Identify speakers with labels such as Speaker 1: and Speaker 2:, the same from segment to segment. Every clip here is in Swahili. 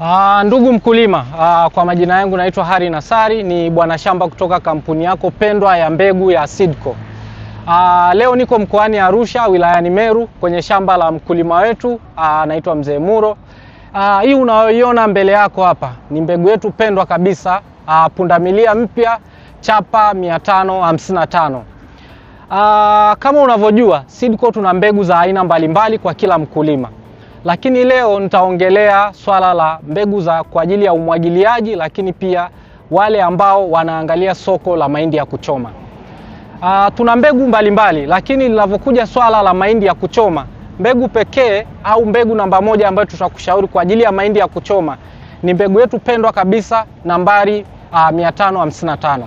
Speaker 1: Aa, ah, ndugu mkulima, aa, ah, kwa majina yangu naitwa Hari Nasari, ni bwana shamba kutoka kampuni yako pendwa ya mbegu ya Sidco. Aa, ah, leo niko mkoani Arusha wilayani Meru kwenye shamba la mkulima wetu anaitwa Mzee Muro. Aa, hii unayoiona mbele yako hapa ni mbegu yetu pendwa kabisa, aa, pundamilia mpya chapa 555. Aa, kama unavyojua Sidco tuna mbegu za aina mbalimbali kwa kila mkulima. Lakini leo nitaongelea swala la mbegu za kwa ajili ya umwagiliaji, lakini pia wale ambao wanaangalia soko la mahindi ya kuchoma. Uh, tuna mbegu mbalimbali mbali, lakini linavyokuja swala la mahindi ya kuchoma, mbegu pekee au mbegu namba moja ambayo tutakushauri kwa ajili ya mahindi ya kuchoma ni mbegu yetu pendwa kabisa nambari uh, 555.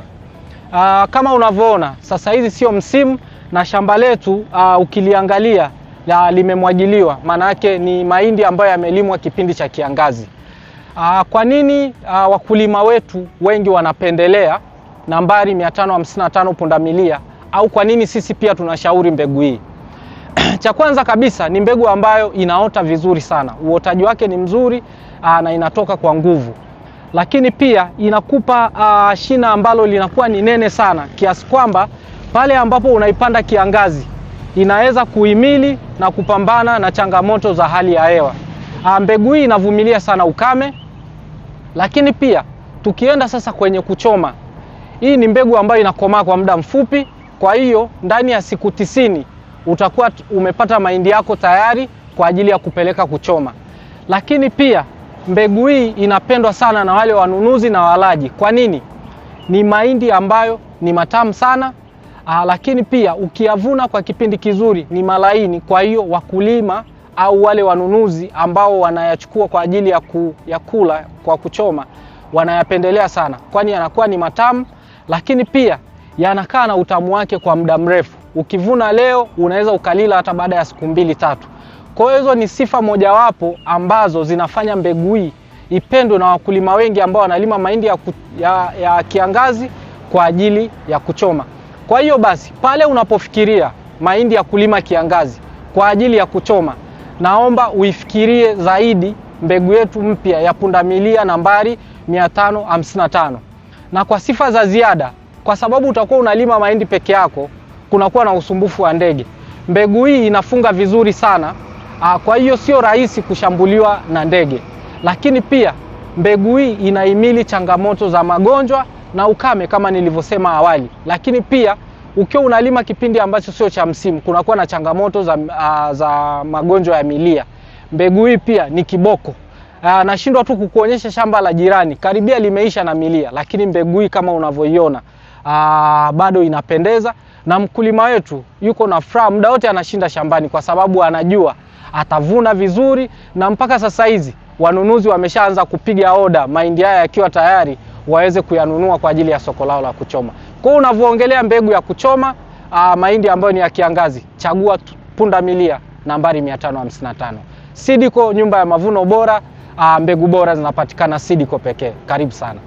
Speaker 1: Uh, kama unavyoona sasa hizi sio msimu na shamba letu uh, ukiliangalia na limemwagiliwa, maana yake ni mahindi ambayo yamelimwa kipindi cha kiangazi. Aa, ah, kwa nini aa, ah, wakulima wetu wengi wanapendelea nambari 555 pundamilia au kwa nini sisi pia tunashauri mbegu hii? Cha kwanza kabisa ni mbegu ambayo inaota vizuri sana, uotaji wake ni mzuri aa, ah, na inatoka kwa nguvu, lakini pia inakupa aa, shina ambalo linakuwa ni nene sana kiasi kwamba pale ambapo unaipanda kiangazi inaweza kuhimili na kupambana na changamoto za hali ya hewa. Ah, mbegu hii inavumilia sana ukame, lakini pia tukienda sasa kwenye kuchoma, hii ni mbegu ambayo inakomaa kwa muda mfupi. Kwa hiyo ndani ya siku tisini utakuwa umepata mahindi yako tayari kwa ajili ya kupeleka kuchoma. Lakini pia mbegu hii inapendwa sana na wale wanunuzi na walaji. Kwa nini? Ni mahindi ambayo ni matamu sana Aa, ah, lakini pia ukiyavuna kwa kipindi kizuri ni malaini. Kwa hiyo wakulima au wale wanunuzi ambao wanayachukua kwa ajili ya, kuyakula kwa kuchoma wanayapendelea sana, kwani yanakuwa ni matamu, lakini pia yanakaa na utamu wake kwa muda mrefu. Ukivuna leo unaweza ukalila hata baada ya siku mbili tatu. Kwa hiyo hizo ni sifa mojawapo ambazo zinafanya mbegu hii ipendwe na wakulima wengi ambao wanalima mahindi ya, ya, ya kiangazi kwa ajili ya kuchoma. Kwa hiyo basi, pale unapofikiria mahindi ya kulima kiangazi kwa ajili ya kuchoma, naomba uifikirie zaidi mbegu yetu mpya ya pundamilia nambari 555. Na kwa sifa za ziada, kwa sababu utakuwa unalima mahindi peke yako, kunakuwa na usumbufu wa ndege. Mbegu hii inafunga vizuri sana, ah, kwa hiyo sio rahisi kushambuliwa na ndege, lakini pia mbegu hii inahimili changamoto za magonjwa na ukame kama nilivyosema awali, lakini pia ukiwa unalima kipindi ambacho sio cha msimu, kunakuwa na changamoto za, uh, za magonjwa ya milia. Mbegu hii pia ni kiboko. Uh, nashindwa tu kukuonyesha shamba la jirani karibia limeisha na milia, lakini mbegu hii kama unavyoiona uh, bado inapendeza na mkulima wetu yuko na furaha muda wote, anashinda shambani kwa sababu anajua atavuna vizuri, na mpaka sasa hizi wanunuzi wameshaanza kupiga oda mahindi haya yakiwa tayari waweze kuyanunua kwa ajili ya soko lao la kuchoma. Kwa hiyo unavyoongelea mbegu ya kuchoma aa, ah, mahindi ambayo ni ya kiangazi, chagua punda milia nambari 555. Sidiko, nyumba ya mavuno bora. Aa, ah, mbegu bora zinapatikana Sidiko pekee. Karibu sana.